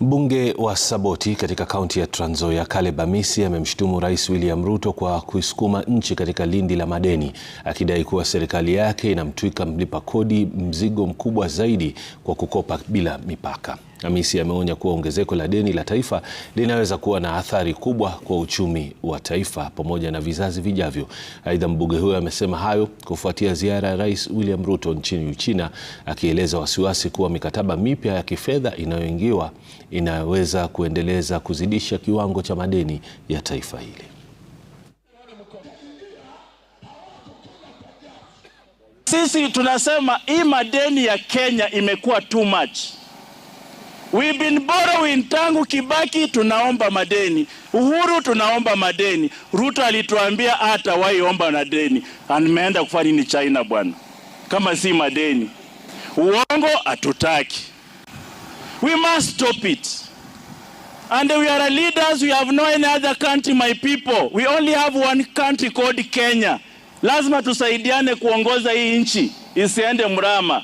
Mbunge wa Saboti katika kaunti ya Trans Nzoia, Caleb Amisi amemshutumu Rais William Ruto kwa kuisukuma nchi katika lindi la madeni, akidai kuwa serikali yake inamtwika mlipa kodi mzigo mkubwa zaidi kwa kukopa bila mipaka. Hamisi ameonya kuwa ongezeko la deni la taifa linaweza kuwa na athari kubwa kwa uchumi wa taifa pamoja na vizazi vijavyo. Aidha, mbunge huyo amesema hayo kufuatia ziara ya Rais William Ruto nchini Uchina, akieleza wasiwasi kuwa mikataba mipya ya kifedha inayoingiwa inaweza kuendeleza kuzidisha kiwango cha madeni ya taifa hili. Sisi tunasema hii madeni ya Kenya imekuwa too much. We've been borrowing tangu Kibaki, tunaomba madeni. Uhuru tunaomba madeni. Ruto alituambia hata omba na deni, ameenda kufanya nini China bwana, kama si madeni? Uongo hatutaki. We must stop it. And we are leaders, we have no any other country, my people. We only have one country called Kenya. Lazima tusaidiane kuongoza hii nchi isiende mrama.